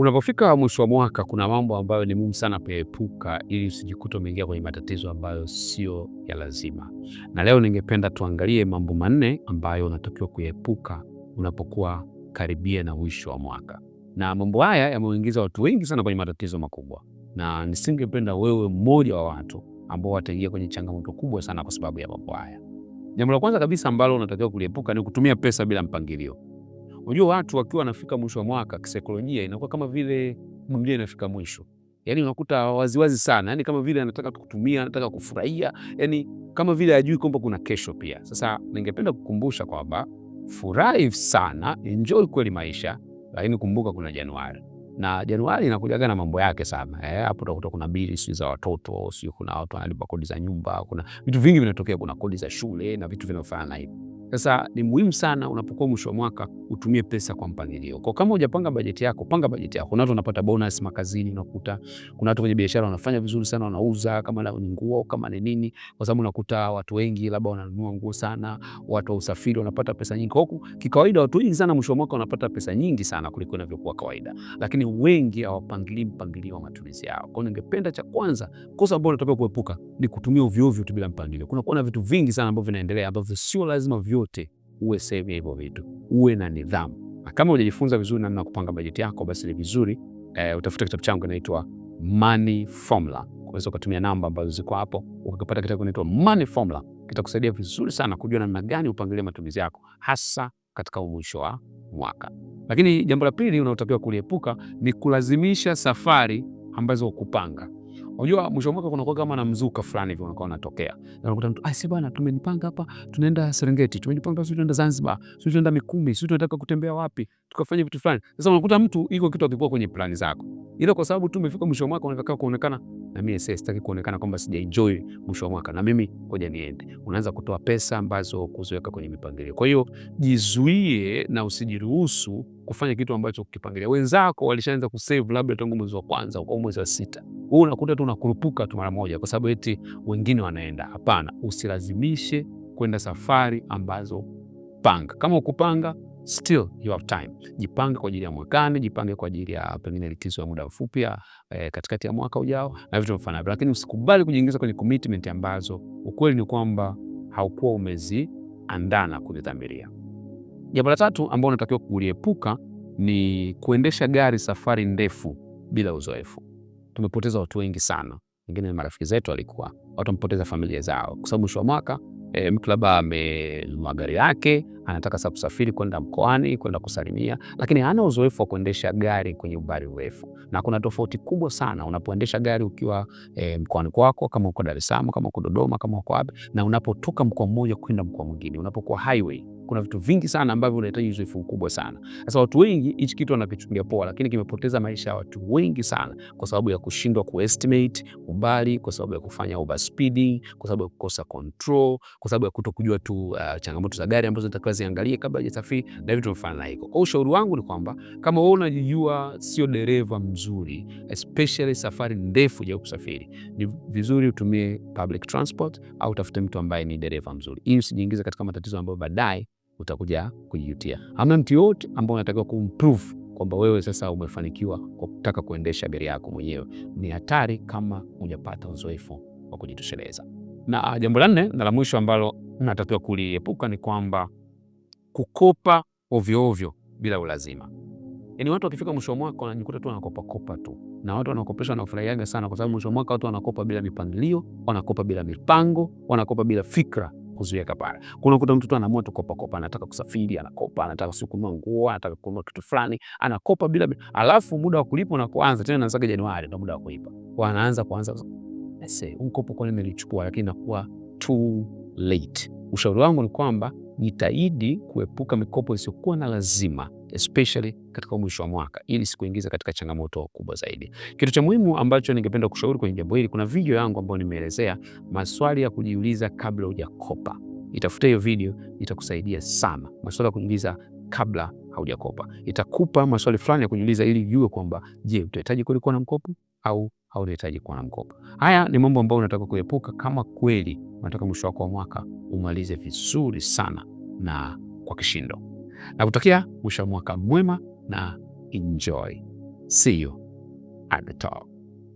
Unapofika mwisho wa mwaka, kuna mambo ambayo ni muhimu sana kuyaepuka ili usijikuta umeingia kwenye matatizo ambayo sio ya lazima, na leo ningependa tuangalie mambo manne ambayo unatakiwa kuyaepuka unapokuwa karibia na mwisho wa mwaka, na mambo haya yamewaingiza watu wengi sana kwenye matatizo makubwa, na nisingependa wewe mmoja wa watu ambao wataingia kwenye changamoto kubwa sana kwa sababu ya mambo haya. Jambo la kwanza kabisa ambalo unatakiwa kuliepuka ni kutumia pesa bila mpangilio. Unajua, watu wakiwa wanafika mwisho wa mwaka, kisaikolojia inakuwa kama vile mwingine inafika mwisho, yani unakuta waziwazi sana, yani kama vile anataka kutumia, anataka kufurahia, yani kama vile ajui kwamba kuna kesho pia. Sasa ningependa kukumbusha kwamba furahi sana, enjoy kweli maisha, lakini kumbuka kuna Januari na Januari inakujaga na mambo yake sana eh, hapo. Eh, utakuta kuna bili sijui za watoto, sijui kuna watu wanalipa kodi za nyumba, kuna vitu vingi vinatokea, kuna kodi za shule na vitu vinavyofanana hivyo. Sasa ni muhimu sana unapokuwa mwisho wa mwaka utumie pesa kwa mpangilio. Kwa kama hujapanga bajeti yako, panga bajeti yako. Kuna watu wanapata bonus makazini, unakuta kuna watu kwenye biashara wanafanya vizuri sana, wanauza kama ni nguo kama ni nini, kwa sababu unakuta watu wengi labda wananunua nguo sana, watu wa usafiri wanapata pesa nyingi. Kwa hiyo kikawaida, watu wengi sana mwisho wa mwaka wanapata pesa nyingi sana kuliko inavyokuwa kawaida, lakini wengi hawapangilii mpangilio wa matumizi yao. Kwa hiyo ningependa, cha kwanza, kosa ambalo unatakiwa kuepuka ni kutumia ovyo ovyo tu bila mpangilio. Kuna kuna vitu vingi sana ambavyo vinaendelea ambavyo sio lazima vyo yoyote uwe sehemu ya hivyo vitu, uwe na nidhamu. Na kama hujajifunza vizuri namna ya kupanga bajeti yako, basi ni vizuri e, eh, utafuta kitabu changu kinaitwa Money Formula. Unaweza ukatumia namba ambazo ziko hapo ukakipata kitabu kinaitwa Money Formula, kitakusaidia vizuri sana kujua namna gani upangilie matumizi yako hasa katika mwisho wa mwaka. Lakini jambo la pili unaotakiwa kuliepuka ni kulazimisha safari ambazo hukupanga. Unajua mwisho wa mwaka kunakuwa kama na mzuka fulani hivi unakuwa unatokea. Na unakuta mtu, "Ah, si bwana, tumejipanga hapa, tunaenda Serengeti, tumejipanga sisi tunaenda Zanzibar, sisi tunaenda Mikumi, sisi tunataka kutembea wapi? Tukafanya vitu fulani." Sasa unakuta mtu iko kitu hakikuwa kwenye plani zako. Ila kwa sababu tu umefika mwisho wa mwaka unataka kuonekana na mimi sitaki kuonekana kwamba enjoy mwisho wa mwaka, na mimi ngoja niende. Unaanza kutoa pesa ambazo kuziweka kwenye mipangilio. Kwa hiyo jizuie na usijiruhusu kufanya kitu ambacho kukipangilia. Wenzako walishaanza kusave labda tangu mwezi wa kwanza au mwezi wa sita, wewe unakuta tu unakurupuka tu mara moja, kwa sababu eti wengine wanaenda. Hapana, usilazimishe kwenda safari ambazo panga, kama ukupanga still you have time. Jipange kwa ajili ya mwakani, jipange kwa ajili ya pengine likizo ya muda mfupi eh, katikati ya mwaka ujao na vitu mfano lakini usikubali kujiingiza kwenye commitment ambazo ukweli ni kwamba haukuwa umeziandaa na kuzidhamiria. Jambo la tatu ambao unatakiwa kuliepuka ni kuendesha gari safari ndefu bila uzoefu. Tumepoteza watu wengi sana, wengine marafiki zetu walikuwa watu wamepoteza familia zao kwa sababu mwisho wa mwaka e, mtu labda ame gari yake anataka sasa kusafiri kwenda mkoani kwenda kusalimia, lakini hana uzoefu wa kuendesha gari kwenye umbali mrefu. Na kuna tofauti kubwa sana unapoendesha gari ukiwa e, mkoani kwako, kama uko Dar es Salaam, kama uko Dodoma, kama uko wapi, na unapotoka mkoa mmoja kwenda mkoa mwingine, unapokuwa highway kuna vitu vingi sana ambavyo unahitaji uzoefu mkubwa sana. Sasa watu wengi hichi kitu wanakichukulia poa, lakini kimepoteza maisha ya watu wengi sana kwa sababu ya kushindwa kuestimate umbali, kwa sababu ya kufanya overspeeding, kwa sababu ya kukosa control, kwa sababu ya kutokujua tu uh, changamoto za gari ambazo natakiwa ziangalie kabla hajasafiri na vitu mfano na hiko. Kwa ushauri wangu ni kwamba kama wewe unajijua sio dereva mzuri, especially safari ndefu ya kusafiri, ni vizuri utumie public transport au utafute mtu ambaye ni dereva mzuri, ili usijiingize katika matatizo ambayo baadaye utakuja kujijutia. Hamna mtu yoyote ambao unatakiwa kumprove kwamba wewe sasa umefanikiwa kwa kutaka kuendesha gari yako mwenyewe. Ni hatari kama hujapata uzoefu wa kujitosheleza. Na ah, jambo la nne na la mwisho ambalo natakiwa kuliepuka ni kwamba kukopa ovyoovyo bila ulazima. Yaani watu wakifika mwisho wa mwaka wanajikuta tu wanakopakopa tu, na watu wanakopeshwa wanafurahiaga sana, kwa sababu mwisho wa mwaka watu wanakopa bila mipangilio, wanakopa bila mipango, wanakopa bila fikra kuzuia kapara. Kuna kuta mtoto anaamua tu kopa kopa, anataka kusafiri anakopa, anataka kununua nguo, anataka kununua kitu fulani anakopa bila, alafu muda wa kulipa unakoanza tena, naanza Januari ndio muda wa kulipa, wanaanza kuanza mkopo kwa nimelichukua, lakini nakuwa too late. Ushauri wangu ni kwamba jitahidi kuepuka mikopo isiyokuwa na lazima especially katika mwisho wa mwaka ili sikuingiza katika changamoto kubwa zaidi. Kitu cha muhimu ambacho ningependa kushauri kwenye jambo hili, kuna video yangu ambayo nimeelezea maswali ya kujiuliza kabla hujakopa. Itafuta hiyo video, itakusaidia sana. Maswali ya kujiuliza kabla haujakopa, itakupa maswali fulani ya kujiuliza ili ujue kwamba, je, utahitaji kweli kuwa na mkopo au hautahitaji kuwa na mkopo. Haya ni mambo ambayo unataka kuepuka kama kweli unataka mwisho wako wa mwaka umalize vizuri sana na kwa kishindo na kutokea mwisho wa mwaka mwema na enjoy. See you at the top.